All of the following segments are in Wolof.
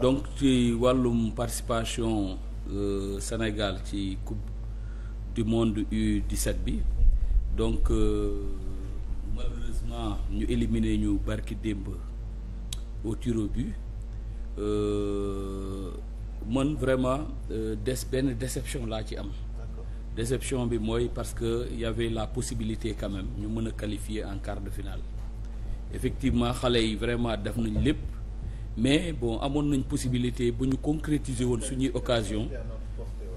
donc ci wàllum participation euh, Sénégal ci coupe du monde di set bi donc euh, malheureusement ñu éliminé ñu barki démb au tir au but euh, man vraiment euh, des benn déception laa ci am. déception bi mooy parce que y la possibilité quand ñu mën a qualifier en quart de finale effectivement xale yi vraiment def nañ lépp. mais bon amoon nañ possibilité bu ñu concrétiser woon suñuy occasion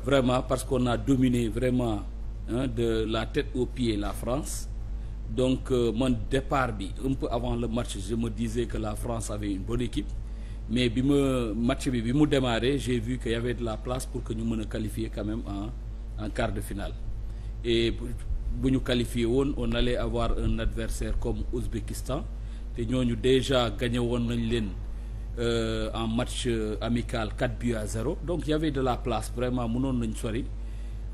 vraiment parce qu'on a dominé vraiment de la tête aux pieds la France donc euh, man mon départ bi un avant le match je me disais que la France avait une bonne équipe mais bi ma match bi bi mu démarré j'ai vu qu'il y de la place pour que ñu mën a qualifier quand même en en quart de finale et bu ñu qualifié woon on allait avoir un adversaire comme Ouzbékistan te ñooñu déjà gagné woon nañ leen euh, en match euh, amical 4 buts à 0 donc y de la place vraiment mënoon nañ sori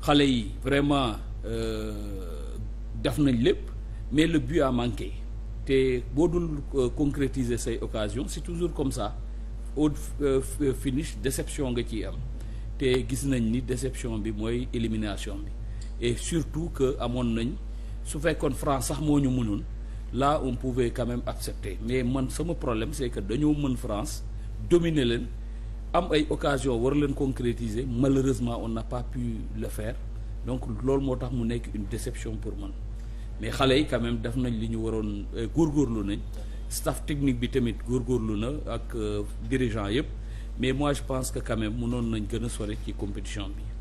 xale yi vraiment euh, def nañ lépp mais le but a manqué te boo dul euh, concrétiser say occasion c'est toujours comme ça au finish déception nga ciy am te gis nañ ni déception bi mooy élimination bi et surtout que amoon nañ su fekkoon France sax moo ñu mënoon là on pouvait quand même accepter mais man sama problème c'est que dañoo mën France dominer leen am ay occasion war leen concrétiser malheureusement on n'a pas pu le fair donc loolu moo tax mu nekk une déception pour man mais xale yi quand même def nañ li ñu waroon euh, góorgóorlu nañ staff technique bi tamit góor góorlu na ak euh, dirigeant yëpp mais moi je pense que quand mënoon nañ gën a sore ci compétition bi